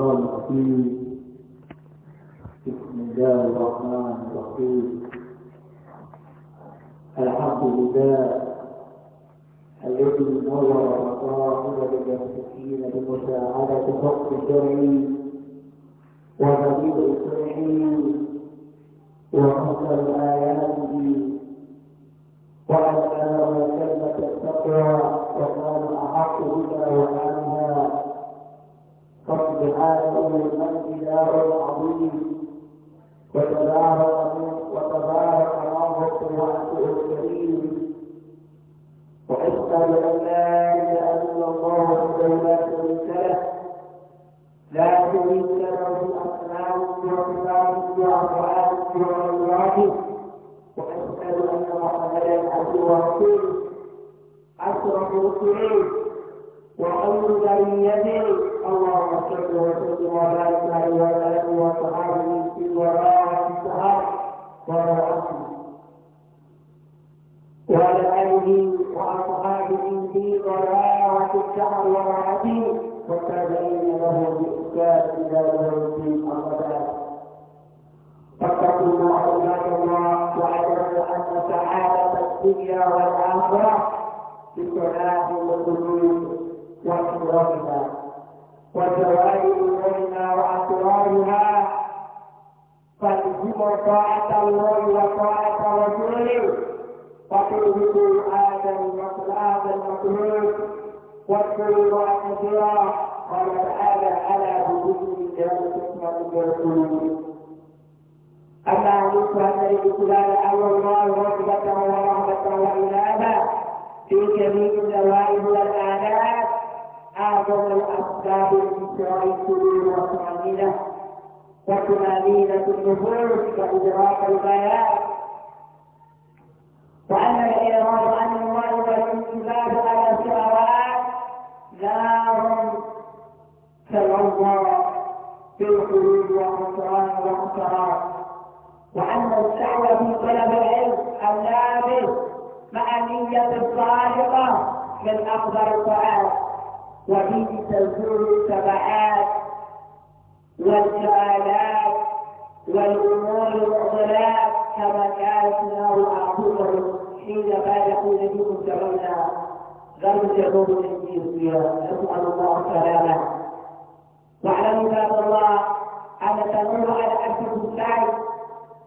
الشيطان الرجيم بسم الله الرحمن الرحيم الحمد لله الذي نور مصاحب المسلمين بمساعدة حق الشرعي ودليل الشرعي وحسن آياته وأن كلمة التقوى وكان أحق بها وأعلم رب العالمين فسبحان المسجد العظيم وتبارك وتبارك الله في الكريم واشهد ان لا اله الا الله وحده لا شريك له لا شريك له في اسمائه وصفاته وافعاله وعباده واشهد ان محمدا عبده ورسوله اشرف رسله وخير بريته اللهم صل وسلم وبارك عليه وعلى اله وصحابه في وراء الصحابه وراءهم وعلى اله واصحابه في براءه الشهر وراءته والتابعين له باحسان الى يوم الدين اما بعد فاتقوا الله عباد الله واعلموا ان سعاده الدنيا والاخره بصلاح القلوب واشرافها وجواري أمورنا وأسرارها فالزموا طاعة الله وطاعة رسوله وتوبوا آدم وكل آدم مكروه واذكروا الله كثيرا قال على وجوده كرامة اسمه ورسوله أما أنت أن الإسلام أمر الله رغبة ورهبة وإنابة في جميع النوائب والآلات أعظم الأسباب من شراء السرور والطمأنينة وطمأنينة النفوس وإدراك البيان وأن الإعراض عن الله والانتباه على الشهوات نار تلظى في القلوب والقران والانصراف وأن السعي في طلب العلم النابل مع النية الصادقة من أفضل الطعام تزول المنتبعات والجعالات والأمور المعضلات كما كانت النار أعظمهم حين بالغوا نبيكم ترون غرب الجنوب الذي فيها نسأل الله السلامة واعلموا باب الله أن تنور على اكثر السعي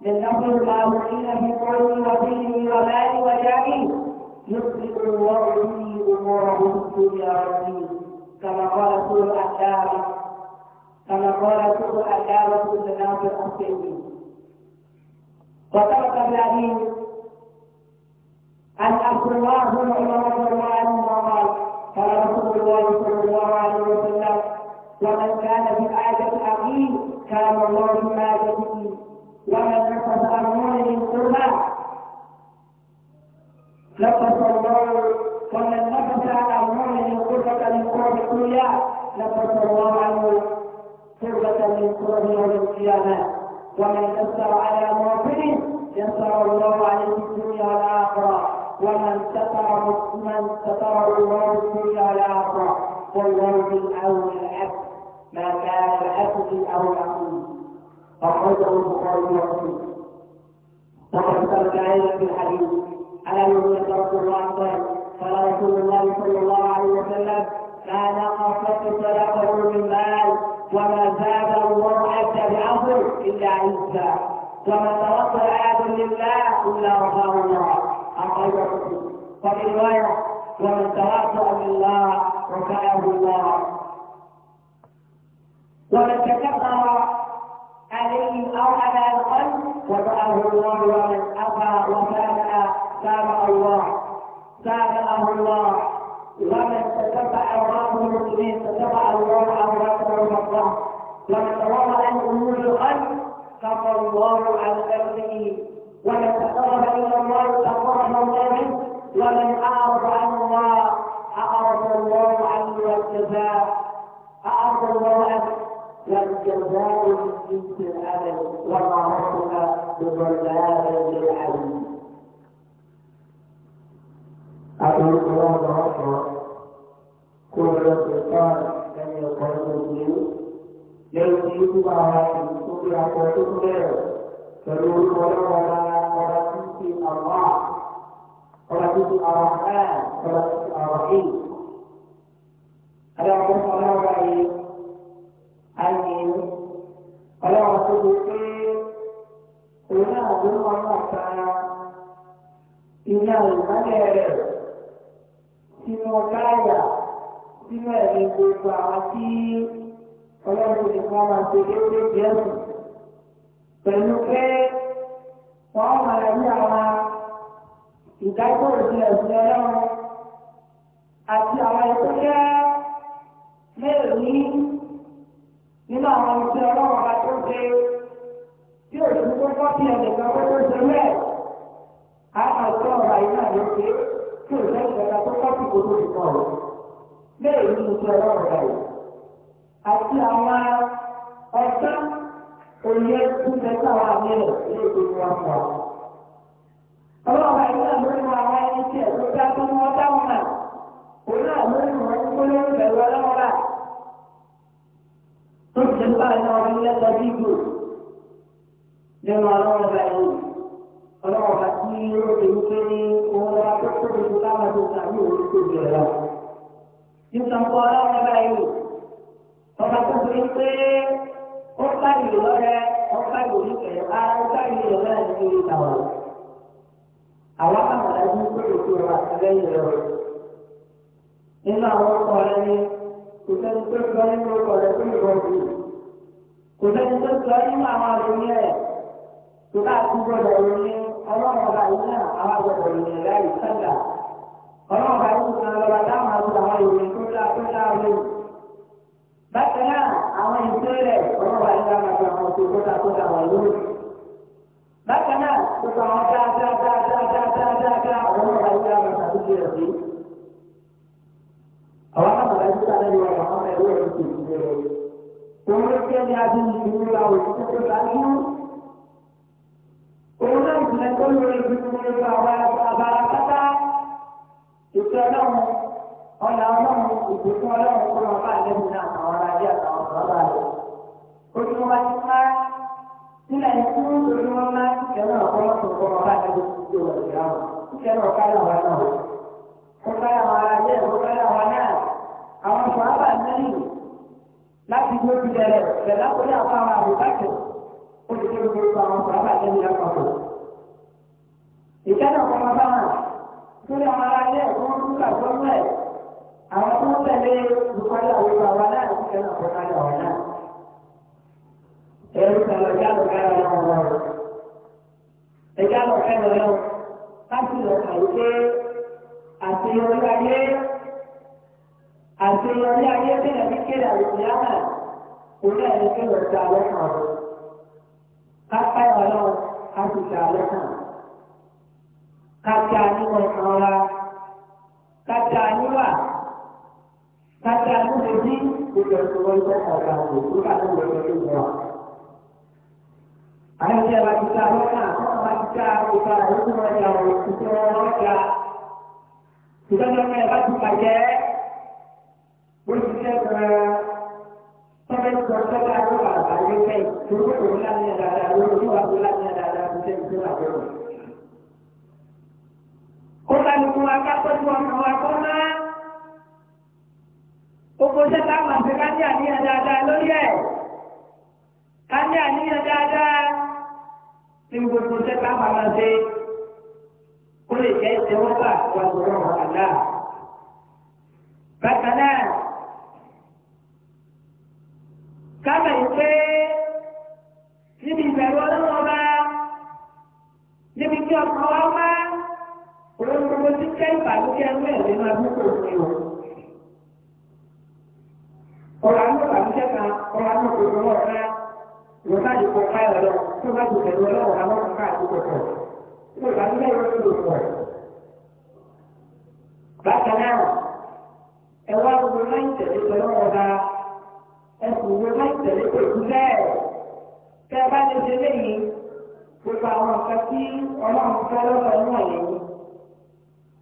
من نصر المامورين في قوم ودينه ومال وجاهه يطلق الله به أموره في الدنيا والدين كما قال سوء الأداب كما قال سوء الأداب في التناول الأصلي وترك الذين أن أخبر الله بن عمر رضي الله عنه قال قال رسول الله صلى الله عليه وسلم ومن كان في حاجة أخيه كان الله في حاجته ومن نقص أمره من قربه نقص الله الله عنه قربة من قرب يوم القيامة ومن يسر على موطنه يسر الله عليه الدنيا والآخرة ومن ستر من ستر الله الدنيا والآخرة والله بالأول العبد ما كان العبد بالأول أقول أخرجه البخاري ومسلم وقد ترك أيضا في الحديث على يوم رسول الله صلى قال رسول الله صلى الله عليه وسلم ما نقصت طلبه من مال وما زاد الله تبعه الا عزا وما توصل احد لله الا رفعه الله اقل وفي روايه ومن توصل لله رفعه الله ومن تكبر عليه او على القلب وفاه الله ومن ابى وكان سابق الله تابعه الله ومن استتب عورات المسلمين الله عوراتهم الله ومن تورع عن امور الخلق الله عن ومن تقرب الى الله تقرب الله منه ومن اعرض عن اعرض الله عنه والجزاء اعرض الله عنه والجزاء من جنس العمل وما ربك بظلام للعبيد الله أكبر كل سلطان لم يقرب منه لو يجب على ان تطلع وتطلع فلول ولا ولا تنسي الله ولا تنسي الرحمن ولا تنسي الرحيم هذا هو الله أن ولا رسول هنا أظن الله تعالى إنه الملك سنوكايا sínú ẹ̀rí gbogbo àwọn tí ọlọ́run ti fún ọmọ ṣe déédé jẹ́sù pẹ̀lú pé wọ́n máa rí àwọn ìdájọ́ òṣèlú ẹ̀sìn ọlọ́run àti àwọn ẹ̀kọ́ jẹ́ mẹ́rin nínú àwọn iṣẹ́ ọlọ́run ọba tó ṣe tí òṣèlú tó kọ́ sí ẹ̀dẹ̀gbọ́n tó tó ṣe mẹ́ẹ̀ á máa ọ̀rọ̀ àyíká ló ṣe tí òṣèlú ìjọba tó kọ́ sí gbogbo ìkọlù bẹ́ẹ̀ ló ń sọ ọlọ́run rẹ̀ Àti àwọn ọ̀gá òye kúndẹ̀ sáwọn àmìlẹ̀ yóò tó wá fún wa. Ọlọ́run àti àmúlò àwọn ẹni tí ẹ̀ tó dá tó dáhùn náà. Òun náà ló ń rán kólóró pẹ̀lú ọlọ́run rà. Tó ti ń bá iná ọdún lẹ́sọ̀ bí ìgò nínú ọlọ́run rẹ̀ o. Ọlọ́run àti yóò tó lọ́wọ́ tó tóbi láwọn tó tàbí tó tóbi rẹ̀ ìtànkọ́ ọlọ́run báyìí ọba tó fi pé ó ká ìlú ọrẹ ọba ìlú kẹrẹ ọba ìlú ọrẹ ìlú ìtàwọ àwọn àmàlà ní kúrò tó wà lẹ́yìn rẹ nínú àwọn ọkọ rẹ ni kò sẹ́ni tó sọ nínú ọkọ rẹ tó yọ ọdún kò sẹ́ni tó sọ nínú àwọn àròyìn rẹ tó bá tún gbọ́dọ̀ ròyìn ọlọ́run ọba yìí náà àwọn àgbọ́dọ̀ ròyìn rẹ láì ọlọ́run ọba yìí náà fúnra rẹ̀. Bákan náà, àwọn ìṣe rẹ̀ ọmọ wa nígbà máa fi àwọn oṣù kódà kódà wà lórí. Bákan náà, gbogbo àwọn dáadáadáadáadáadáa ọmọ wa nígbà máa fi àtúnṣe rẹ̀ sí. Àwọn àgbàdo ti sáré lọ àwọn ọmọ ẹ̀rọ ẹ̀rọ ti ìdílé rẹ̀. Òun ló jẹ́ ní adé ní ìlú wa òṣìṣẹ́ tó dájú. Òun náà ìpínlẹ̀ tó lórí ìdílé wa wá abala pátá. Ìṣẹ́ náà ọ̀nà ọlọ́run òkú tí ọlọ́run kó lọ bá lẹ́nu náà àwọn ará bí àtàwọn ọ̀rọ̀ bá lọ. ojú wa ti ká sílẹ̀ tí ó ń lórí wọn máa ń tìkẹ́ náà kọ́ lọ́sọ̀ kọ́ lọ bá lẹ́nu tó wọ̀ ní ìyá wọn. tìkẹ́ náà ká làwọn náà kó ká làwọn ará bí ẹ̀kọ́ ká làwọn náà àwọn sọ̀rọ̀ mẹ́rin láti gbé ojú rẹ̀ rẹ̀ lápòlí àwọn àwọn àwọn tó ń tẹ̀lé lùpàdé àwọn bàbá náà ti tẹ̀lé àpòkájà wọn náà. ẹ̀rù kàlọ́ ìjà lọ ká lọ wọn wọn. ìjà lọ ká lọ lọ káàkiri lọ àyíké àti orí ayé àti orí ayé tẹ̀lé ní kéde àwùjọ yàrá òun náà ní kéde ọ̀dọ́ alẹ́ kan. kápá ìwà náà á ti gbà alẹ́ kan. kájà nínú ọ̀kan ọ̀la kájà Tapi aku jadi bukan kelompok orang itu, aku bukan semua. Ada lagi caranya, lagi cara kita itu macam itu ya. Kita nak mereka dipakai, bersihkan sampai kerja baru lah, baru saya dulu bulannya ada, dulu dua bulannya ada, bisa bisa lah dulu. Kota itu akan berjuang melakukan gbogbo iṣẹ́ táwọn àfẹ́ ká ní àníyàn dáadáa lórí ẹ̀ ká ní àníyàn dáadáa ní gbogbo iṣẹ́ táwọn àmà ṣe kó lè jẹ́ ìtẹ́wọ́gbà wà lọ́rọ̀ àlá. bákan náà ká mọ̀ yìí pé níbi ìbẹ̀rù ọlọ́run ọba níbi tí ọkàn wa wá olórí tí kẹ́ ìbàlúkẹ́ ẹgbẹ́ ìlú máa mú kò sí ọ̀rọ̀ àwọn àbúṣẹ́ kan ọ̀rọ̀ àwọn òṣèlú ọ̀rọ̀ náà wọ́n sáàjì kọ káyọ̀ lọ tó bá ti tẹ̀lé ọlọ́wọ́ àwọn ọ̀ká àti kọ̀kọ̀ tó bá ti lẹ́yìn ló lò pọ̀. bákan náà ẹ wá gbogbo láì tẹ̀lé ọlọ́wọ́ bá ẹ kò gbogbo láì tẹ̀lé pẹ̀lú bẹ́ẹ̀ tẹ́ ẹ bá lè ṣe léyìn gbogbo àwọn nǹkan tí ọlọ́run fẹ́ lọ́wọ́ ẹ̀ náà yẹn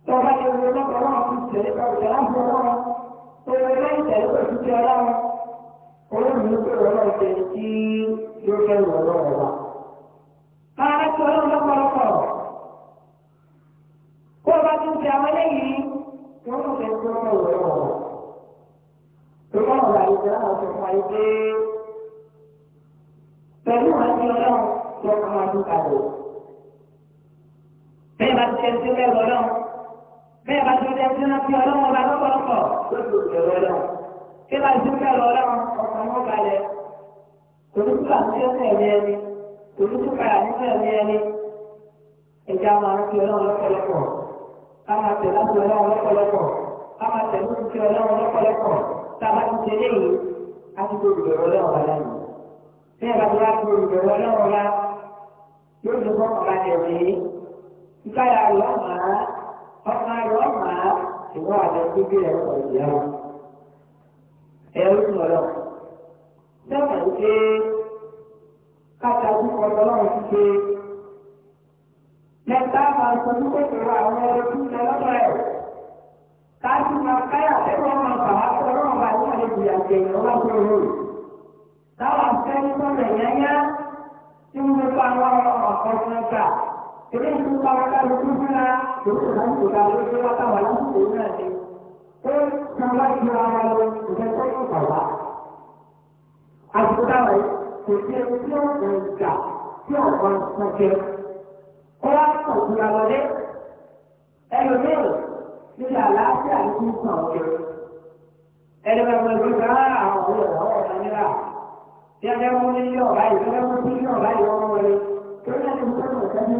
tó bá lè wo lọ́wọ́ ọlọ́run ti tẹ̀lé Òun pẹ̀lú ti ọlọ́run. Òun ní Máa ti ọlọ́run bá ti àwọn eléyìí, tí wọ́n wọ̀ ọlọ́run bẹ́ẹ̀ bá jọjọ ẹgbẹ́ náà fi ọlọ́run ọba lọ́pọ̀lọpọ̀ lóṣù ìrọ̀ ọlọ́run bí bá jù bẹ́ẹ̀ ọlọ́run ọkàn wọn balẹ̀ tòlúkúkà ń tẹ́ fún ẹ̀mí ẹni tòlúkúkà ń fún ẹ̀mí ẹni ẹ̀já máa ń fi ọlọ́run lọ́pọ̀lọpọ̀ ká máa tẹ̀ láti ọlọ́run lọ́pọ̀lọpọ̀ ká máa tẹ̀ lóṣù fi ọlọ́run lọ́pọ̀lọpọ̀ tá a bá ti ṣe léyìí á ti tóbi bẹ̀rẹ̀ ọlọ́run ọba lẹ́nu bẹ́ẹ̀ bá ti wá tóbi bẹ̀rẹ̀ ọlọ́run ọba yóò ní kọ́ ọ̀la ẹ̀rẹ́ ìkáyà ọlọ́run ọmọ rẹ̀ ọmọ ìwọ àjọ gbígbé rẹ̀ pọ̀ ìyàwó. Ẹ̀rú sọ̀rọ̀. Sọ́kà ń pé káta púpọ̀ lọ́wọ́ ti pé mẹ́ta máa sọ ní kòkòrò àwọn ọ̀rọ̀ tó ń ẹ̀. Káàtì máa káyà tẹ́wọ́ máa bà wá pé ọlọ́run bá ní àlejò ìyàgbẹ́ ìrọ̀lá tó rò. Táwọn afẹ́ ní sọ́nà ìyáyá tí wọ́n fi pa àwọn ọ̀rọ̀ ọ̀kan fún ẹgbà. Èmi ìtúpa wọn lálùkù yòókù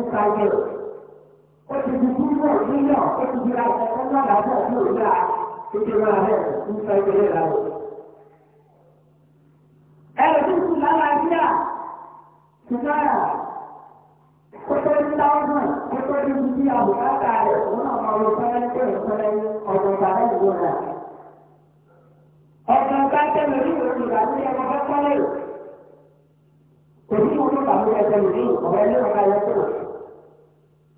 náà ó ti di túbọ̀ níyàn ó ti di àwọn ọmọ àlàbọ̀ ní òjá títí máa rẹ̀ ń sọ ìdílé rà rẹ̀. ẹ̀rọ tó kù lára bíà ṣùgbọ́n ó tó ní táwọn ó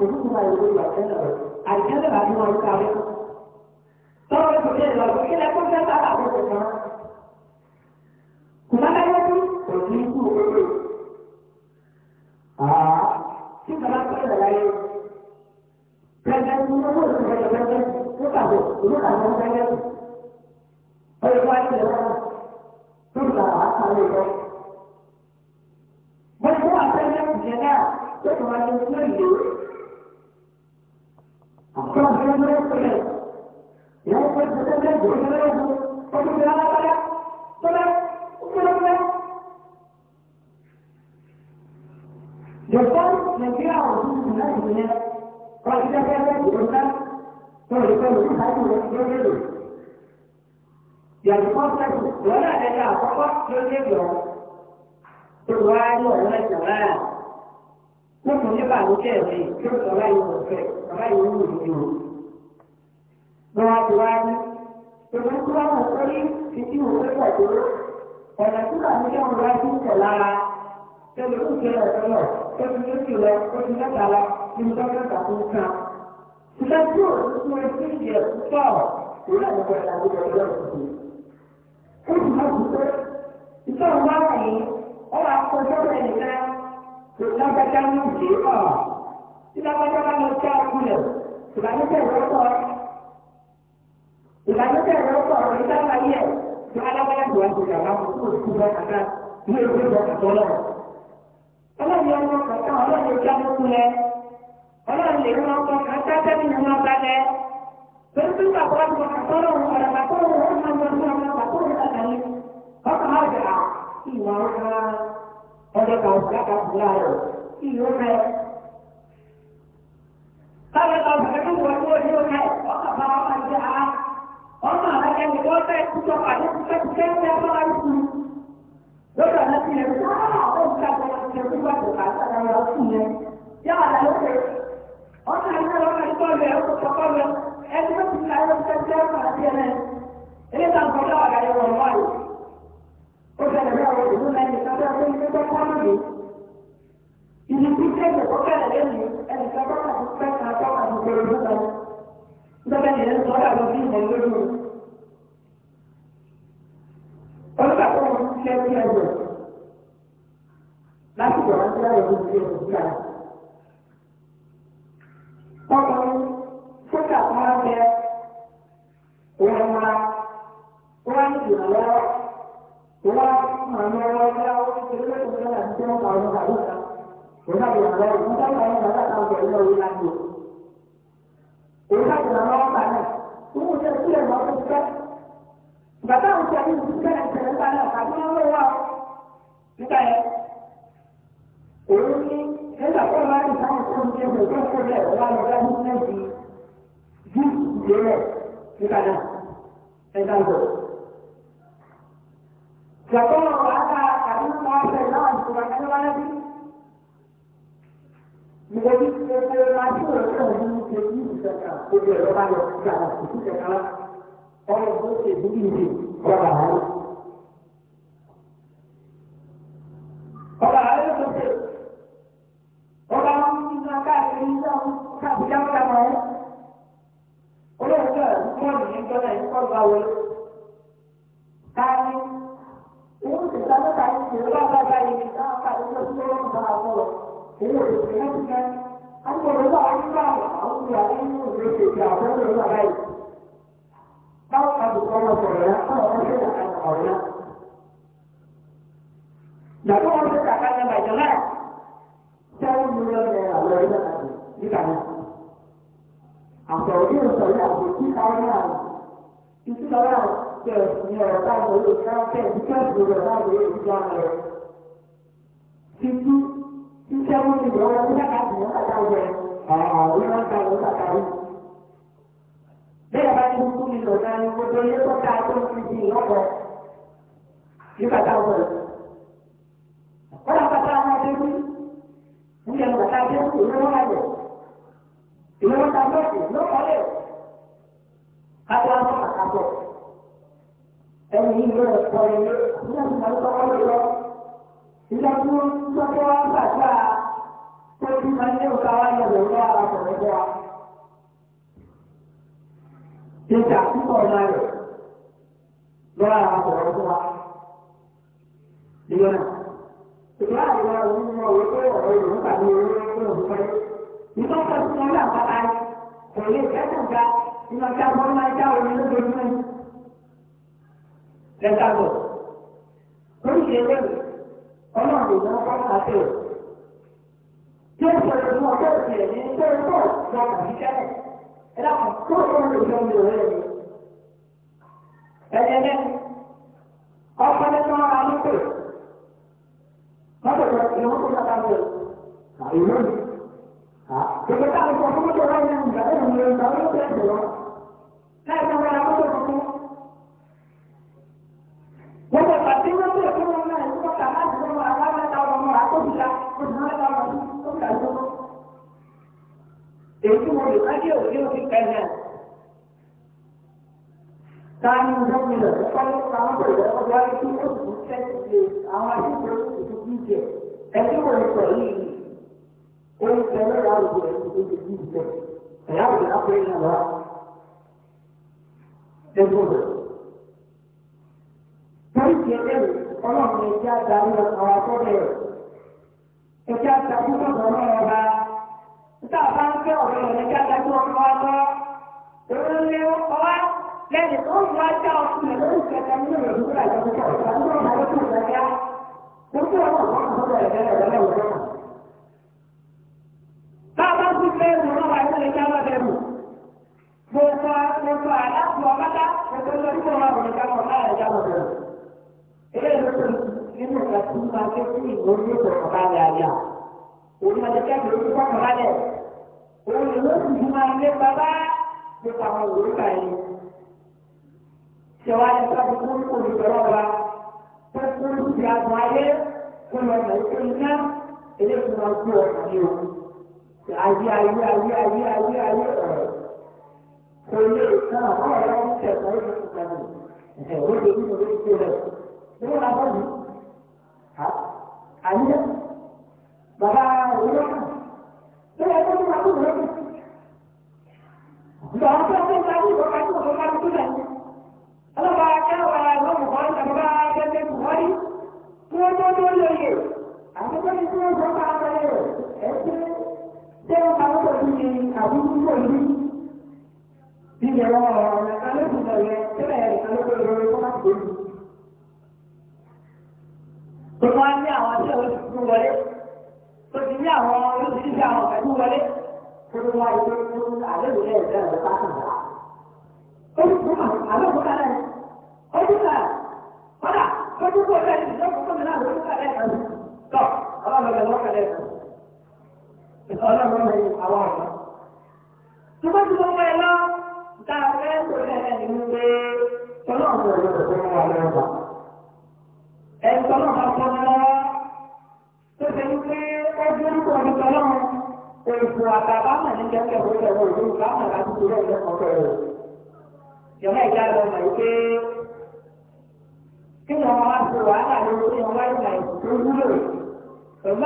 يقول ما يقول الكذب الكذب هذه ما يقال طبعا يقول لو كنا كنا تعرف كنا كنا نقول تقول آه كيف لا تقول لا كان يقول يقول يقول يقول يقول فيقول له ترضى عليك بل هو أتى لك جناح يقول له 刚才那个事情，连开始中间几个那个，都起来了，大家，大家，我来，我来，有帮有料，是哪样东西？大家大家举个手，就是说，有态度的，有道理的。有帮菜的，我在在家，婆婆天天有，就我爱人在家，我出去办点事，就是小兰一个人睡。bàbá yìí ń wùdí nù. ti wá ní. Èmi tí wọ́n mọ̀ pé ìdí ìwé pẹ̀lú ọ̀nà tí bàbá yẹn wọ́n wá sí ìtẹ̀ lára. Tẹ̀lé ó jẹ́ ẹ̀sọ́ lọ, ó ti lé sí lọ, ó ti mẹ́ta lọ, ní mo tọ́jú ẹ̀ka tó ń kan. Ìgbà tí ò ní fún ẹgbẹ́ ìjẹ́ púpọ̀, ìwé àgbẹ̀kọ̀ ìlànà ìjọba ìjọba ó sì máa dùn pé iṣẹ́ òun wà ní ìdè ìdájọ́ bá lọ sí àkúlẹ̀ ìbànújẹ́ ìrọ́pọ̀ ìbànújẹ́ ìrọ́pọ̀ ìdájọ́ ayé tí alágbára ìwà ìgbéga láwọn tó kú bọ́ kàkà ní èdè bọ́ kàtó lọ́wọ́. ọlọ́run ọmọ kàkà ọlọ́run ìjà lókun lẹ ọlọ́run lè rán ọkọ kàkà tẹ́lẹ̀ ní wọn bá lẹ. torí pé bàbá wa bọ̀ kàtó lọ́wọ́ ọ̀rọ̀ kàtó lọ́wọ́ ọmọ ọmọ kàtó lọ́wọ́ kàtó lọ́wọ́ táwọn ẹ̀ka ọ̀sẹ̀ tó wọ owó ní bá wà ní ara 那个年，好家伙，一年就是，好家伙，一天几百个，拿几百万这样的工资也够了。包括现在那些，什么，不要死了，不要上班了，不要为这个什么两千多块钱，我告诉你，我一天两百块钱，我一个月一万五。bàbá àwọn ìṣẹ̀lẹ̀ ìlú bẹ̀rẹ̀ ìṣẹ̀lẹ̀ ńlá náà àti wọn ló wà nígbà yẹn òun ní nígbà tó wà ní ìdáhùn tó ń jẹ mọ̀ tó ń kó lẹ̀ wà lọ́dọ̀ ní mẹ́jì jù ìdílé nígbà náà ẹ̀dá ń bọ̀. Gbàgbọ́ wà á ká àbí wọ́n á fẹ̀ náà ìṣòro àti wọ́n á bí. Ìwé ní ti ṣe máa tí òun náà ní ìṣe yìí ìṣẹ̀ka gbogbo ẹ̀rọ bá lọ sí àwọn òṣìṣẹ́ kan ọ̀rọ̀ tó ṣe ìdúgbò ìdí ọ̀rọ̀ àwọn. ọ̀rọ̀ àwọn tó ṣe ọ̀rọ̀ àwọn tó ṣe káàkiri iṣẹ́ káàkiri káàkiri àwọn ọ̀rọ̀. olóòótọ́ ẹ̀dúgbò nìyẹn jọ náà ẹ̀kọ́ gba wọlé. káàkiri owó ti sá lọ́ta yìí ti rọ́ bá bá yìí náà káàkiri tó lọ́wọ́ bá a sọ̀rọ̀ owó ti sẹ́yìn ti àwọn ọ̀rọ̀ náà wọ́n ń bá àwọn ìyàwó ìlú àwọn ọ̀rọ̀ ọ̀sọ̀rọ̀ wọn ṣe kàkà ọ̀rọ̀ náà. Ìgbàgbọ́ wọn ṣe ní Bàjọ́ náà sẹ́wọ́n mílíọ̀nù náírà lọ ilé Àtọ̀rọ̀ yóò sọ yà àti títà náà títà náà tẹ̀ ní ọ̀rọ̀ báyìí lórí káńtẹ̀ ìdíkẹ́sì lórí ọ̀rọ̀ báyìí lórí ìdíjà rẹ̀. Títí tí sẹ́wọ́n mílíọ̀nù náírà bẹ́ẹ̀ bá ti ń kú ìlò náà ní gbogbo ilé tó ká tó ń fi di ìyọ́pọ̀ nígbà táwọn ọ̀rọ̀. wọ́n lọ bàtà àwọn abẹ́rú ní ẹnu bàtà abẹ́rú ìlú wọn ayọ̀ ìlú wọn ta lọ́ọ̀kì lọ́kọ̀ọ́lẹ̀ kájọ àwọn àkàtọ̀ ẹni yìí ló ń sọ ilé nígbà tí wọ́n tọ́kọ́ lọ lọ ilé tí wọ́n tọ́kọ́ wá tó ti máa ń lé òkà wá yẹ̀ lọ́wọ́ àwọn ọ̀rẹ́ ṣe ṣe àtúntò ọ̀la rẹ̀ lọ́wọ́ àwọn ọ̀rọ̀ tó wá. Ìyọ̀nà ìgbà àgbà òun mọ òwe pé ọ̀rọ̀ ìlú tàbí owó pé òun fẹ́. Ìgbà tó ti wọn náà bá parí, kò lè kẹ́kọ̀ọ́ ga nínú ọjà bọ́ọ̀lù máa já omi lójoojúmọ́. Lẹ́tà bọ̀. Oríṣi ẹgbẹ́ mi, ọlọ́run ìlú wọn kọ́ àti rẹ̀. Tí ó sọ̀rọ̀ fún ọjọ́ ìṣẹ̀lẹ̀ ní pé ó pọ̀ lọ đó không ẹ̀dá kan tó ń lò ló ń lò rẹ̀ ni. ẹ̀jẹ̀ náà nó ní kí wọ́n ra ní pè mọ́tò tó ìlú tó dábàá ń lò ìlú ni. ìgbésẹ̀ àwọn ìfọ̀sọ́mọ́tò rẹ̀ ní ìgbà tó ń lò ìgbà cái ń lò kẹ́lẹ̀ táyé ìjọba ìlẹ̀ ọ̀pọ̀lọpọ̀ àwọn ọ̀pọ̀ ìlẹ̀ ọ̀pọ̀ ìlẹ̀ tí ó sì tẹ́sí àwọn àdúgbò tó kú jẹ ẹgbẹ́ wọn sọ yìí ó ń tẹ́lẹ̀ láwùjọ ìdíje tó kú jẹ ẹ̀yà òjò lápẹ́ ìlẹ̀ wa ẹgbẹ́ wọn. Torí ti ẹgbẹ́ mi, ọlọ́run ẹ̀jẹ̀ àdáyé àwọn akọ́bẹ̀rẹ̀ ẹ̀jẹ̀ àdáyé tá a bá ń fẹ́ ọ̀rọ̀ ní kájà tó ń wá lọ. Òun ni ó kọ́ wá tó ń wá já ọkùnrin lórí ìfẹ́ta nínú rẹ̀ lórí àjọṣepọ̀ ìgbàlódé ọ̀rọ̀ rẹ̀ tó ń rẹ̀ yá. Gbogbo ọ̀rọ̀ kan kò bọ̀ ẹ̀jẹ̀ rẹ̀ lọ́wọ́ náà. Bá a bá ń fún fẹ́ ìrùn náà wáyé lórí ìjà lọ́dẹ mù. Gbogbo gbogbo àlàfo ọ̀pátá gbogbo lórí kó máa bọ̀dọ̀ káwọn ọ̀la ẹ̀já lọ́dẹ mù. Ilé ìlú nínú ìgbà tí wọ́n máa ké sí ìgbòho ní ìgbòho kọ̀ọ̀kan ní àyà. Òun máa jẹ́ kẹ́kọ̀ọ́ òun ni wọ́n sì máa ń lé bàbá nípa àwọn òrùka yìí. Ṣẹ̀wá ni sábà tó ń kórè lọ́wọ́ wa tó kú sí àgbọ̀n ayé tó lọ sọ ìpè iná eléyìí máa ń kú ọ̀sán yìí o. Ayé ayé ayé ayé ayé ayé ọ̀rọ̀ kò lè kàn án ọ̀rọ̀ ń tẹ̀sán ìlú ìtàgé ẹ̀hẹ̀ ó lè ní orí ìṣe rẹ̀. Ṣé wọ́n á bọ̀ yìí? Àyẹ́ bàbá olókùn Gbogbo wa ní àwọn tí ó ti wọlé, tó ti ní àwọn olóṣèlú àwọn ọ̀gá wọlé tuntun wa yìí tuntun alẹ́ wò lẹ́ ẹ̀dá ó ti kú àwọn àlọ́ kó kálá ó ti kà kọ́dà ó ti kú ọ̀rẹ́ ìdílé kókó mi náà ló ti kálá ẹ̀ tọ́ ọlọ́mọdé ló kálá ẹ̀ ìtọ́ ọlọ́mọdé àwọn ọ̀rọ̀. ṣùgbọ́n tí wọ́n wẹ̀ lọ dá ọ̀rẹ́ ìṣòro ẹ̀ ní wípé tọ́lọ́ọ̀mù ọ̀rọ̀ ìṣòro wà lọ́wọ́ ẹ̀ tọ́lọ́ọ̀mù tó ṣe wípé ó dúró gbogbo àtàbámà ní kí wọ́n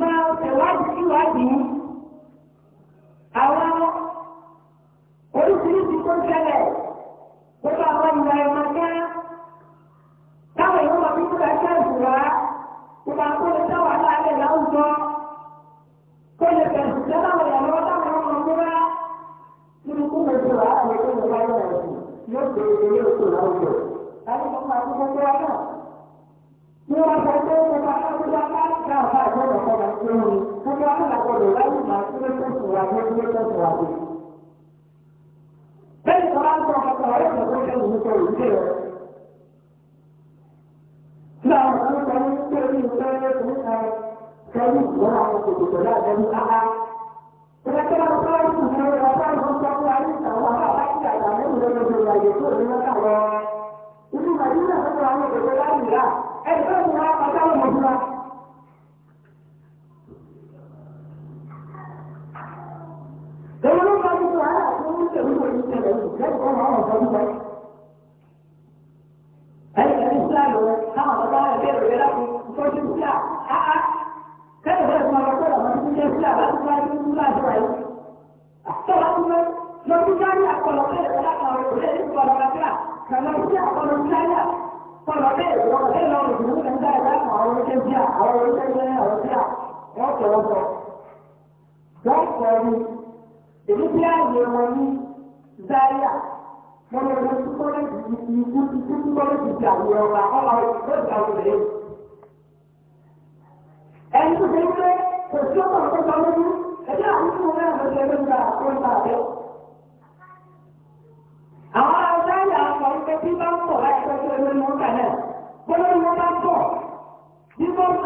máa àwọn oríṣiríṣi tó ń ṣẹlẹ̀ nípa àwọn ìlà ẹ̀mọ́ ká táwọn èèyàn wọn kúrò ẹ̀ṣẹ́ ìṣúra nípa kó lè dá wàhálà láwùjọ kó lè bẹ̀rù sí táwọn èèyàn táwọn èèyàn wọn nínú kó lè ṣe wàhálà lè tó lè wáyé yóò ṣe ilé oṣù láwùjọ láti fún wa tó fẹ́ náà. Ní wọ́n sọ pé nípa káwọn ìjọba ká pé kó sùn wá ní ilé tó sùn wá sí. bẹ́ẹ̀ sọ wá ń sọ ọkọ̀ ọ̀rẹ́ ìgbà tó ṣe òun sọ ní sí àwọn orílẹ̀-èdè ọ̀rọ̀ sí à wọ́n tọ̀rọ̀ sọ. wọ́n pọ̀ ní èyí tí àyè wọn ní Zaria wọ́n lọ sí kọ́lẹ́jì ikú ikú sí kọ́lẹ́jì ti àwọn ọ̀rọ̀ àkọ́kọ́ ló ti àwọn ọ̀rẹ́ yìí. ẹni tó ń pé kò n ọkọ̀ tó sọ lójú ẹgbẹ́ àwọn tó ń rẹ́ àwọn ọ̀rẹ́ àwọn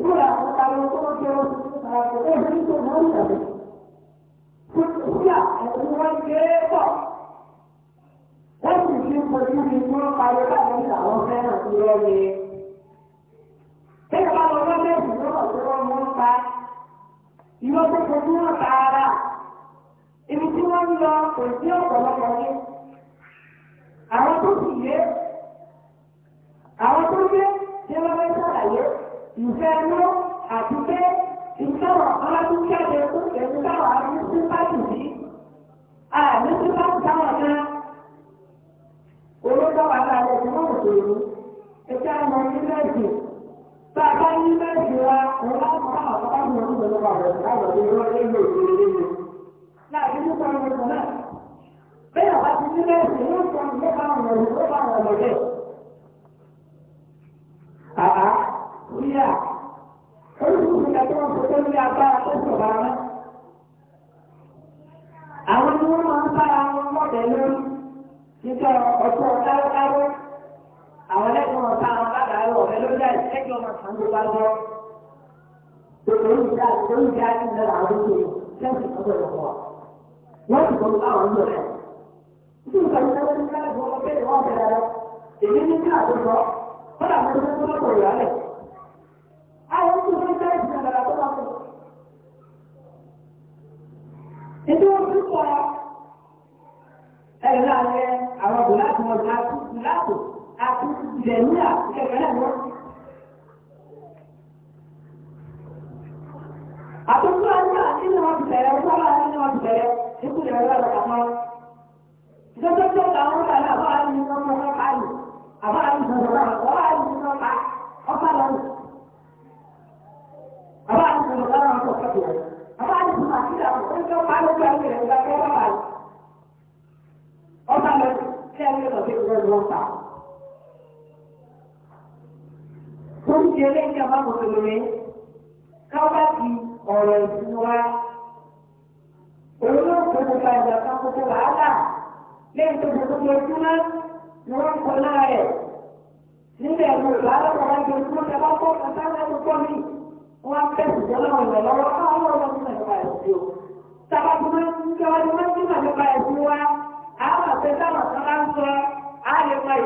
Ora, stavo conoscendo e ho visto molta Sia è un ìfẹ́ àti pé ìtawà ọlọ́dún jáde fún ẹ̀rù táwà ní sípàtì sí àmì sípàtì táwà náà olóńgbà wà láàrin ẹ̀sìn náà òṣèlú ẹ̀ka àmọ́ nílé ẹ̀sìn bá a bá nílé ẹ̀sìn wa òun láti bá àwọn bá mi ọdún lọ́wọ́ àwọn ẹ̀sìn láwọn ọdún lọ́wọ́ ẹ̀lò òṣèlú lẹ́yìn láàrin nípa ọmọ ẹ̀sìn náà bẹ́ẹ̀ àbá ti nílé ẹ̀sìn ló ń sọ nípa àwọn ọmọ ẹ̀sìn tó bá àwọn ọmọ níyà olùkú nígbà tí wọ́n fòtó lórí agbára tó sọ̀rọ̀ àwọn. àwọn ni wọ́n máa ń bára wọn mọ̀dẹ̀ lórí nígbà ọ̀tọ̀ ọ̀dáwọ́dáwọ́ àwọn ẹlẹ́gbọ̀n ọ̀tá àwọn bàbá rẹ̀ ọ̀rẹ́ lórí àìsẹ́jọ́ ọmọ kan ló bá lọ. olùdíjà olùdíjà ti ń lọ àwọn oṣù lẹ́sìn ọ̀dọ̀ lọ́wọ́ wọ́n ti tọ́jú àwọn ọ̀dọ̀ rẹ̀. nítorí ìgbàlódé wọn ní kálẹ̀ nítorí púpọ̀ ẹ̀rọ náà lẹ àwọn ọ̀dọ́ láti wọn gba tuntun láàbò ndị ilẹ̀ ní àkẹ́kẹ́ náà wọ́n. àtúntò àti na wọn ti bẹ̀rẹ̀ ọjọ́ ndị àti wọn ti bẹ̀rẹ̀ ikú rẹ̀ lọ́wọ́ lọ́wọ́ kan. ìjọba tó pa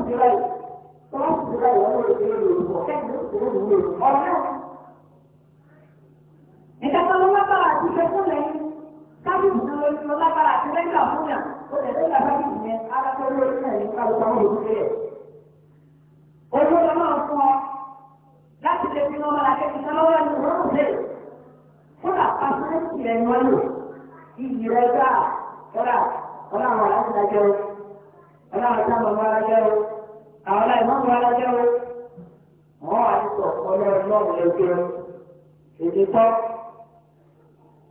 ti di báyìí àti ìfẹ́ lẹ́yìn kábíyèsí tó lọ́wọ́ lágbára àti lẹ́yìn àfúnyà ó lè lẹ́yìn yẹn alákọ̀ọ́ lórí náà ní òkúté rẹ̀. owó lọ máa fún ọ láti lè fi wọn máa kẹ́kẹ́ tó aláàtà màmá alájẹ́ o àwọn aláìmọ́mù alájẹ́ o wọ́n wà nípa ọlọ́run lọ́wọ́ lókè o èdè tọ́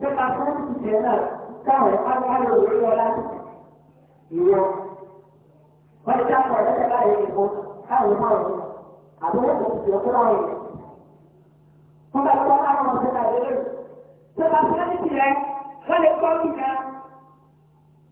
nípa sáyẹ́ǹsì tiẹ̀ náà táwọn aláwọ̀ lórí ọlá ìwọ wọ́n ti dáàbò ọ̀dẹ́sẹ̀ láàyè ìbò káwọn máa wọ̀ àbúrò kò sì ọkọ láwọn yìí wọ́n bá lọ́wọ́ káwọn ọ̀sẹ̀ láàyè lórí tó bá sáyẹ́ǹsì rẹ̀ wọ́n lè kọ́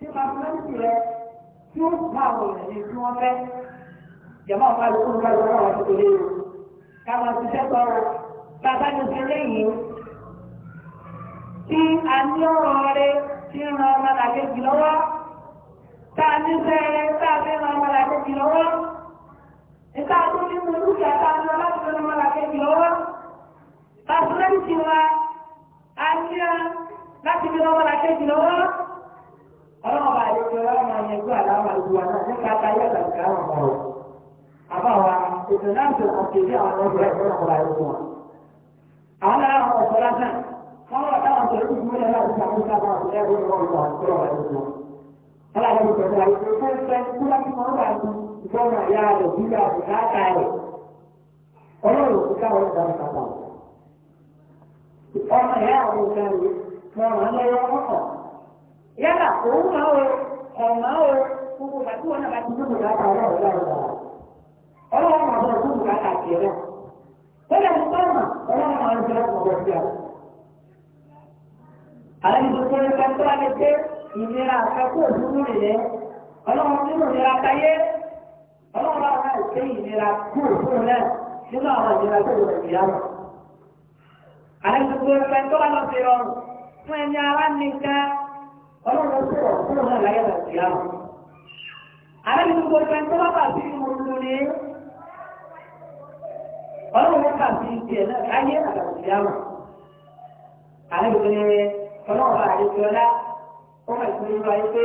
tí pàṣẹmẹ́ntì rẹ tí ó gba àwọn èèyàn yìí tí wọ́n fẹ́ jẹ̀mọ́ ọ̀gá ìlú ọ̀gá ìlú ọ̀gá ìlú ọ̀gá ìlú káwọn ṣiṣẹ́ tọrọ bàbá mi ṣe lẹ́yìn tí a ní ọ̀rọ̀ rẹ tí ń ran ọmọ làkejì lọ́wọ́ tá a ní sẹ́rẹ̀ tá a fi ran ọmọ làkejì lọ́wọ́ nígbà tó ní mo dúkìá tá a ní ọlọ́sìn ran ọmọ làkejì lọ́wọ́ pàṣẹmẹ́ntì wa a ní láti fi ran ọmọ làkejì lọ́wọ́ ọlọ́run bá yẹ kí ọlọ́run máa yẹjú àlámà ìwà náà nípa táyé àgbàgbà àwọn ọmọ rẹ̀ àbáwa ètò náà tó àkèjì àwọn ọmọ rẹ̀ fún ọkọ̀ ayé fún wa. àwọn ará àwọn ọ̀sọ́ lásán wọ́n wọ́n táwọn tó ń gbé lọ́wọ́ àti àwọn ìta àwọn àti ẹgbẹ́ ìwọ̀n ìwà àti ọ̀rọ̀ ayé fún wa. ọlọ́run tó tẹ̀lé àyè tó fẹ́ fẹ́ kúlá tí wọ́n wà ní ìfọ́nà ìyá rẹ̀ bíbá àti yálà òun máa o ọ̀mà o gbogbo ìgbà tí wọn náà bá ti dúró láti ọ̀rọ̀ ọ̀rọ̀ ọ̀rọ̀ ọlọ́wọ́ máa bọ̀ dúró láti àti ẹ̀rọ bẹ́ẹ̀ ni sọ́ọ̀mà ọlọ́wọ́ máa ń jẹ́ ọ̀pọ̀ sí àwọn. àwọn ìdókòwò nípa tó wá lè dé ìlera àkọ́kọ́ òdúró rẹ̀ lẹ́ ọlọ́wọ́ nínú ìlera káyé ọlọ́wọ́ bá wà láìpẹ́ ìlera kúrò fún náà nínú àwọn ìlera tó wọ̀ ìyáwó. àwọn ìdókòwò nípa tó wá lọ sí ọrùn fún ẹni ará nìkan ọlọ́run sọ̀rọ̀ fún ọ̀nà láyé wà sí àwọn. Àrẹ́bí gbogbo ẹgbẹ́ tó bá bà sí inú oṣù ni ọlọ́run wọ́n bà sí ìdí ẹ̀ náà láyé àgbà sí àwọn. Àrẹ́bí gbogbo ni ọlọ́run bá àdéjọ ọlá ó mọ̀ sí ìlú ayé pé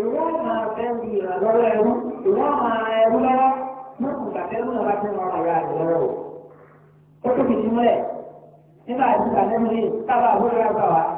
ìwọ́n máa fẹ́ di ìrànlọ́wọ́ máa ẹrú lọ́wọ́ ní kùkà fẹ́rú náà bá fẹ́ ran lọ́wọ́. Ó tó fi sí mọ́lẹ̀ nígbà tí ìgbà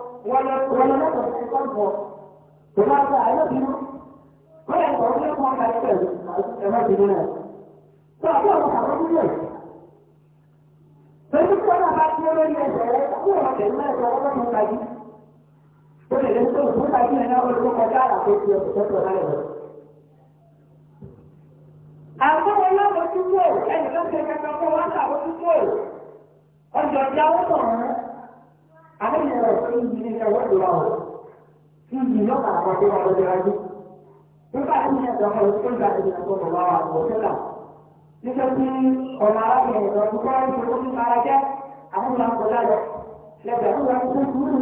wala àwọn ọlọ́mọ tí kò ẹnìkan ṣe kankan fún wọn ṣàbójútó ọjọ́ ìyàwó tọ̀hún àlejò rẹ̀ tó ń yin ẹ̀rọ ìlà ọ̀ ń yin lọ́kà àpàdé wa lọ́jọ́ ayé. nígbà tí ìyẹn tó kọ̀ lóṣù ìgbà tí ìyẹn tó kọ̀ wá àwọ̀ sílà. nígbà tí ọ̀nà arábìnrin rẹ̀ tó kọ́ ẹ̀ṣẹ̀ ó ti máa jẹ́ àwọn ìlànà kọjá lọ. lẹ́gbẹ̀ẹ́ àwọn ìlànà tó kúrú.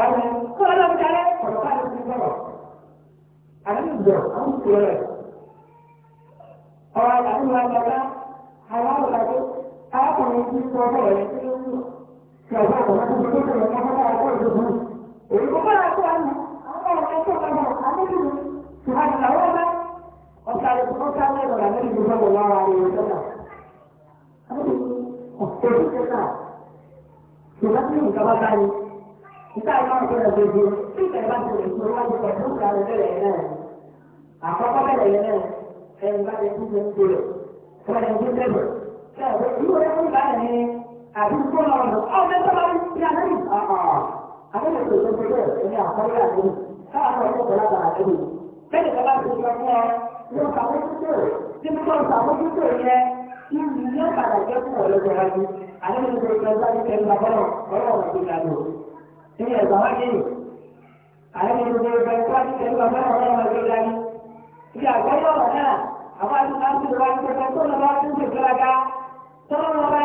àwọn kọ́ ọlọ́run jẹ́ ọ̀nà bá lóṣù sọ̀rọ̀. àlejò bọ̀ àwọn ìṣòro rẹ̀. ọ̀rọ̀ àlejò wa lọ́ta àwọn àwòrán ṣàwọn bá ọkọ̀ ìjọba èyí kó bá ọkọ̀ àná tó ń sọ̀rọ̀ gbogbo, tí tó wájú pẹ̀lú ìgbà rẹ̀ tó ń ṣe àdúgbò náà lọ ọmọ ẹgbẹ́ máa ń fi àlẹ́ yìí. àbẹ̀lẹ̀ tó tó gbẹgbẹ́ ẹni àkọ́rí àdéhùn káàkiri ọjọ́ pẹ̀lú àgbà àdéhùn bẹ́ẹ̀ bá ti sọ fún ọ ló ń sàmójútó tí mo ń sàmójútó yẹ kí ni yóò padà jẹ́ fún ọlọ́jọ́ wájú àlẹ́ tó tó gbẹgbẹ́ ẹni kẹ́rin àbọ̀rọ̀ ọ̀rọ̀ ọ̀rọ̀ tó ga lò. ní ẹ̀gbà wá dé àlẹ́ tó tó gbẹgbẹ́ ẹni kẹ́rin àbọ̀rọ̀ ọ̀rọ̀ ọ̀rọ̀ tó ga lò. ìdí àgbáyé ọ̀rọ̀ náà àwọn àti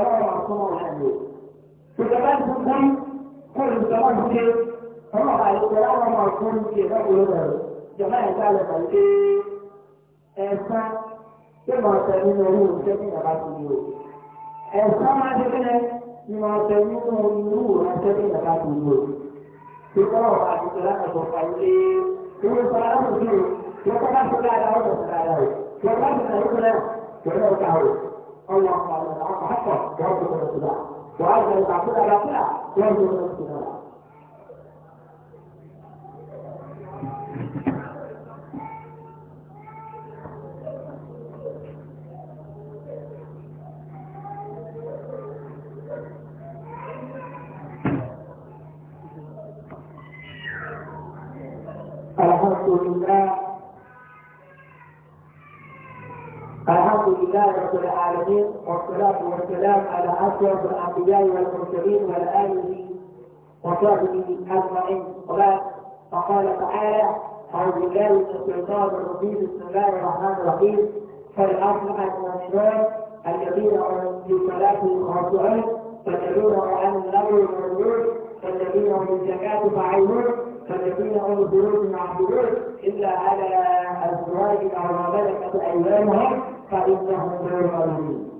ọlọ́run àkọ́mọ àlò ìjọba ti kú kó ìjọba ti ké ọmọ àlùkò láwọn ọmọ àkọ́mọ ti ẹ̀ka kò lọ́wọ́ rẹ̀ ìjọba yẹn ká lọ pàdé ẹ̀ka tó máa tẹ̀ nínú orí òṣìṣẹ́ tí ìjọba ti lò ẹ̀ka máa ti kẹ́lẹ́ ni máa tẹ̀ nínú irú òṣìṣẹ́ tí ìjọba ti lò ìjọba ọ̀pá àlùkò láwọn ọ̀pá pàdé ìwé ìfọ̀rọ̀ láwọn òṣìṣẹ́ yóò kọ́ bá ti dáadáa ọ̀pọ̀ الله تعالى حتى جواب الاتباع وأرجو العقل على كلا يرجو الاتباع والصلاة والسلام على أشرف الأنبياء والمرسلين والآله وصحبه أجمعين وبعد فقال تعالى أعوذ بالله من الشيطان الرجيم بسم الله الرحمن الرحيم فالأصلح المؤمنون الذين هم في صلاتهم خاشعون فالذين عن اللغو والنور فالذين هم الزكاة فعينون فالذين هم مع عابدون إلا على أزواجهم أو ما ملكت أيامهم فإنهم غير مؤمنين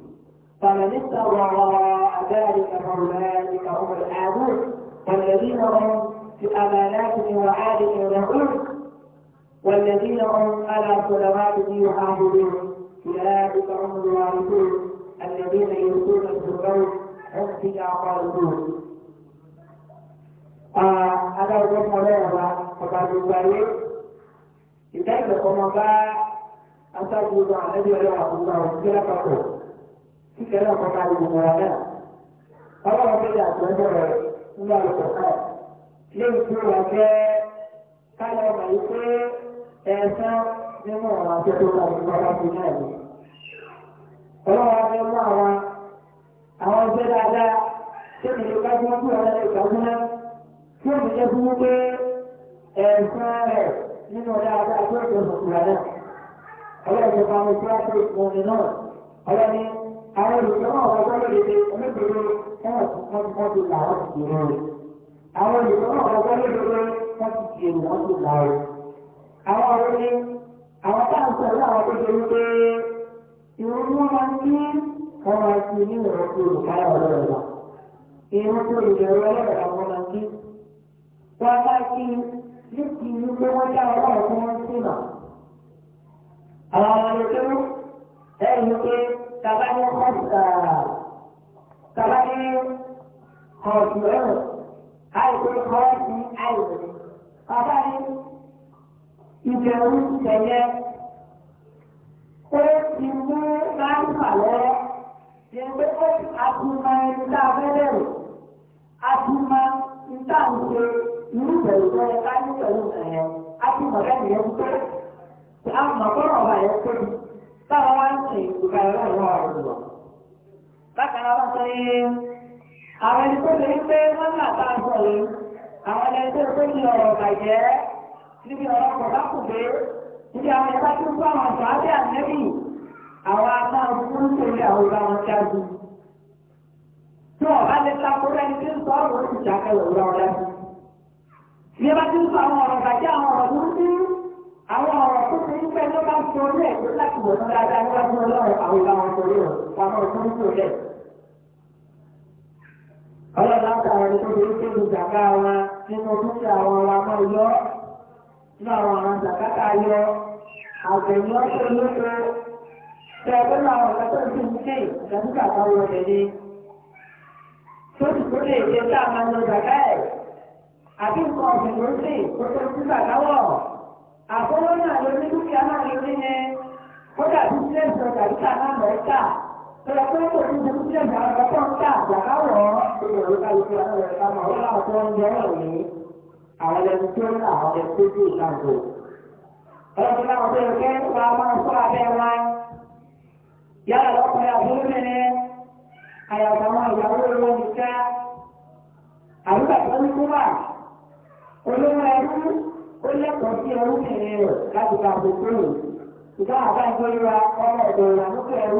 فمن استوى وراء ذلك فاولئك هم العادون والذين هم في امانات وعاد يدعون والذين هم على صلواتهم يحافظون اولئك هم الوارثون الذين يلقون الفردوس هم فيها خالدون آه، هذا هو الموضوع فقد يبين لذلك وما باع أتى على النبي عليه الصلاة والسلام kíkẹ́ náà kọ́ máa lè mọ̀ra náà. Ọlọ́run bí àgbẹ̀dọ̀ rẹ̀ ń lọ àlùkò náà. Léyìn tí wọ́n jẹ́ káyọ̀ mọ̀ yìí pé ẹ̀sán nínú ọ̀rọ̀ àti tó ga ní bàbá mi náà ni. Ọlọ́run abẹ́ mú àwọn àwọn ẹgbẹ́ dáadáa tí mi lè gbájú mọ́ fún ọ̀rẹ́ ìgbàgbọ́ Tí ó mi fún pé ẹ̀sán rẹ̀ nínú dáadáa tó ìjọba ìgbà náà. Ọlọ́run ti fa mi sí àpò ìpọ́nmi náà. Ọlọ́run àwọn olùkọ́ ọ̀gá lóde onígbèrè wọn ti wọ́n ti là wọ́n ti dèrò rẹ̀. àwọn olùkọ́ ọ̀gá lóde wọ́n ti tàbá ní ọ̀sà tàbá ní ọ̀sùn ẹ̀rọ àìsí ọ̀sùn àìsí tàbá ní ìbẹ̀rù ìṣẹ̀yẹ ó ti mú pé àtúmọ̀ ẹni tá a àtúmọ̀ ń tà ń bẹ̀rù tó yẹ ká ní pẹ̀lú ẹ̀yẹ àtúmọ̀ bẹ́ẹ̀ ni ẹ ń pé àmọ̀ kọ́rọ̀ ọ̀bà yẹn tóbi táwọn àwọn ẹni tó lè pé wọ́n là bá ń sọ àwọn ẹni tó tó ní ọ̀rọ̀ bàjẹ́ níbi ọ̀rọ̀ kò bá kù dé níbi àwọn ẹ̀ka tó kó àwọn ọ̀sán àti ànẹ́bì àwọn apá òkú àsìkò àwọn ìlà wọn torí wọn wọn náà tó ń tò lẹ̀. ọlọ́run látàwọn ẹni tó lè ṣe ìlú jàkà wọn nínú dúkìá àwọn wa kódà bísíǹsì ọjà ìta náà lọ ìta tọ́lá tó ń pè ní bísíǹsì àwọn ọ̀pọ̀ ń ta àgbàláwọ̀ ìrọ̀lú kálukú àwọn ẹ̀ka máa wọ́n láwọn tó ń yọ ọ̀rọ̀ ní àwọn ẹni tó ń àwọn ẹni tó dé ìdájọ́. ọlọ́run náà tó yẹ kẹ́ wa máa ń kọ́ abẹ́ wa yálà lọ́kùnrin àbúrúmẹ́rin àyàtọ̀ àwọn ìyàwó olówó nìkẹ́ àbúkà tó ń kúmà olówó ẹrú ó lẹ́kọ̀ọ́ sí ẹrú ìgbà a ọmọ ọ̀dọ̀ ìwàlúkọ̀ ẹ̀rú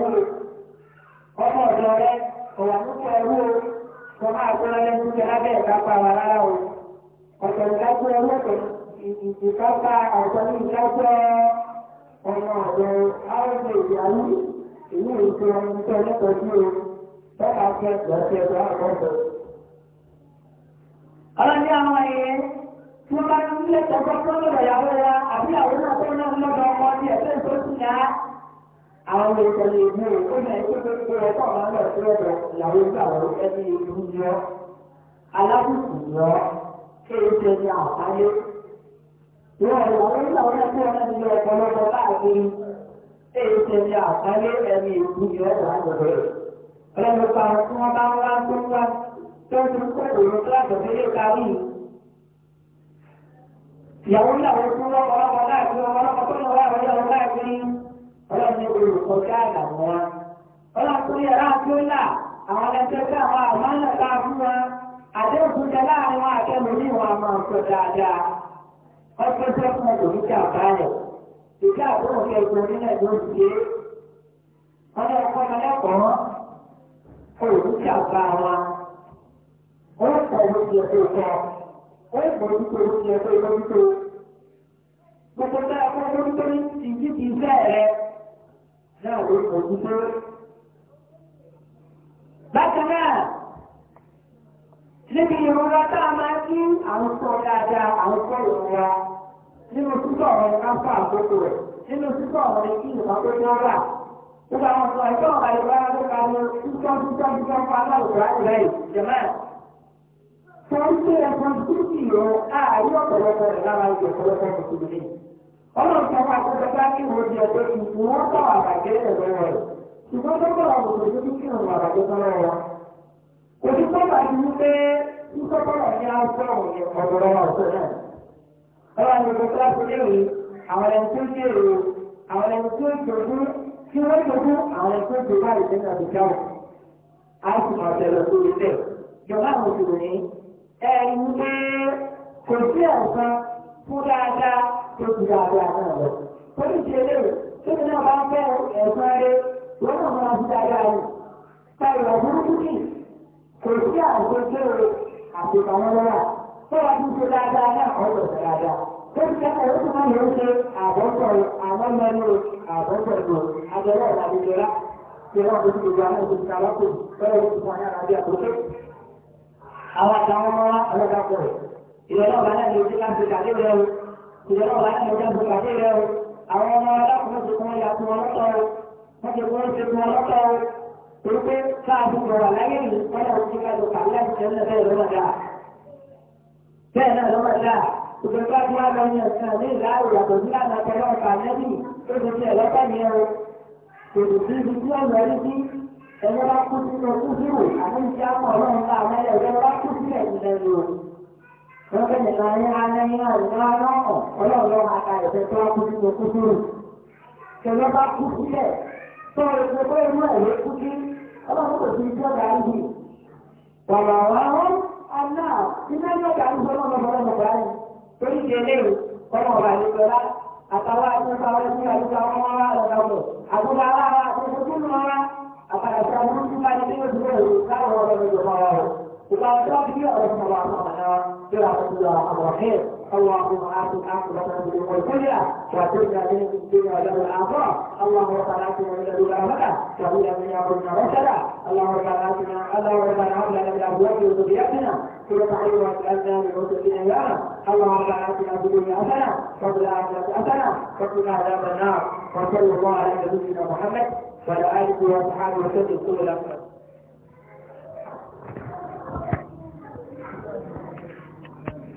o ọmọ ọ̀dọ̀ rẹ ẹ̀rú o máa lábẹ́ ìkápá wa rárá o ìdájọ́ ìkápá ní ìdájọ́ ọmọ ọ̀dọ̀ áwọ̀dọ̀ èyí ọmọ sí o fẹ́ ọ̀dọ̀ 上班你也想说这么多羊肉啊？啊，别啊！我们村那那两兄弟，再过几年，俺们这些牛，我们就是说，放完的十来头，羊肉羊肉，哎，比牛肉，俺那是牛肉，这些家伙还有，我老公上回做那个菠萝包，那个，这些家还有点点牛肉丸子，还有那干干干干干，都是苦的，吃起来特别有 ìyàwó ní àwọn ikú lọ́pọ̀lọpọ̀ láàbí wọn lọ́pọ̀ tó lọ́wọ́ àwọn ìyàwó láàbí ọlọ́run ní olùkọ́ ká àdàmú wa ọlọ́run tó yẹ wọ́n gbọ́ wípé o ti ló ká fún àkókò rẹ̀ nínú fún aláwùjọ àti rẹ̀ torí pé ẹ̀fọn túbí rọ ààrí ọ̀pọ̀lọpọ̀ rẹ̀ lára ìjọ ọ̀pọ̀lọpọ̀ tuntun ní. ọlọ́run sọ fún akọ́kọ́ bá kí wọ́n di ọjọ́ ìlú wọn kọ́ àbàjẹ́ ẹ̀rọ rẹ̀ ṣùgbọ́n tó kọ́ àwọn òṣèlú kí wọ́n àbàjẹ́ sọ́rọ̀ wọn. òṣù pọ́pà ti mú pé kíkọ́kọ́rọ̀ ní àwọn ọ̀pọ̀lọpọ̀ ọ̀sẹ̀ náà. ọlọ́run sọ fún akọ́kọ́ léèrè àwọn ẹni tó léèrè àwọn ẹni tó jòjú kí wọ́n jòjú àwọn ẹni tó jòjú àìsàn àti ẹ̀rí pé kò sí ẹ̀sán fún dáadáa tó ti dáadáa náà lọ. Torí ti eléyìí, tóbi náà bá ń fẹ́ ẹ̀sán rẹ, wọ́n náà máa fi dáadáa rẹ̀. Ẹ̀rọ burúkú kì kò sí àgbẹ̀jọ́ rẹ̀ àti àwọn lọ́wọ́. Tó wá ti ṣe dáadáa náà ọ̀dọ̀ ṣe dáadáa. Tóbi náà ẹ̀rọ tó máa ń ṣe àbọ̀tọ̀ àwọn mẹ́rin àbọ̀tọ̀ ìlú àjọyọ̀ ìlànà ìjọra. Ìjọba tó ti gbogbo àwọn òṣèlú àwọn àtàwọn ọmọ wa ọlọ́dà pọ̀ ìrọ̀lọ́ ọ̀gá láti ojú ká kàdé rẹ o ìrọ̀lọ́ ọ̀gá láti ojú kàdé rẹ o àwọn ọmọ alákùnrin ti kún ya fún ọlọ́tọ̀ o wọ́n ti kún ṣe fún ọlọ́tọ̀ o torí pé káàbù bọ̀rọ̀ láyé yìí wọ́n náà ti ká lọ láti tẹ̀lé bẹ́ẹ̀ lọ́mọdà bẹ́ẹ̀ náà lọ́mọdà ìgbẹ́ká bí wọ́n lọ ní ọ̀sán ní ìlà ìyàtọ̀ ẹ̀yẹ́ bá kú sínú kúkúrú àmì tí a mọ̀ ọlọ́run bá àwọn ẹ̀yẹ́ bá kú sílẹ̀ ìlẹ̀ lò. wọ́n fẹ́ nìkan ní anáyé náà ní aná ọ̀ ọlọ́run lọ́wọ́ aka ẹ̀fẹ́ tó wá kú sínú kúkúrú. ẹ̀yẹ́ bá kú sílẹ̀ tó ẹ̀fẹ́ tó inú ẹ̀yẹ́ kú sí ọlọ́run kò sí tó dà yìí. wàlà wàhún aná iná yóò dà yìí sọ́nà ọlọ́run ọ̀gá yìí torí ìdílé ọlọ́run àlejò àtàwọn àti para estar اللهم آت عاقبتنا في الأمور كلها وأتنا اللهم ربنا اللهم ربنا آتنا اللهم ربنا هب لنا من أبواب وذرياتنا سورة حي وأسألنا من وصلى الله على نبينا محمد وعلى آله وأصحابه وسلم كل الأخلاق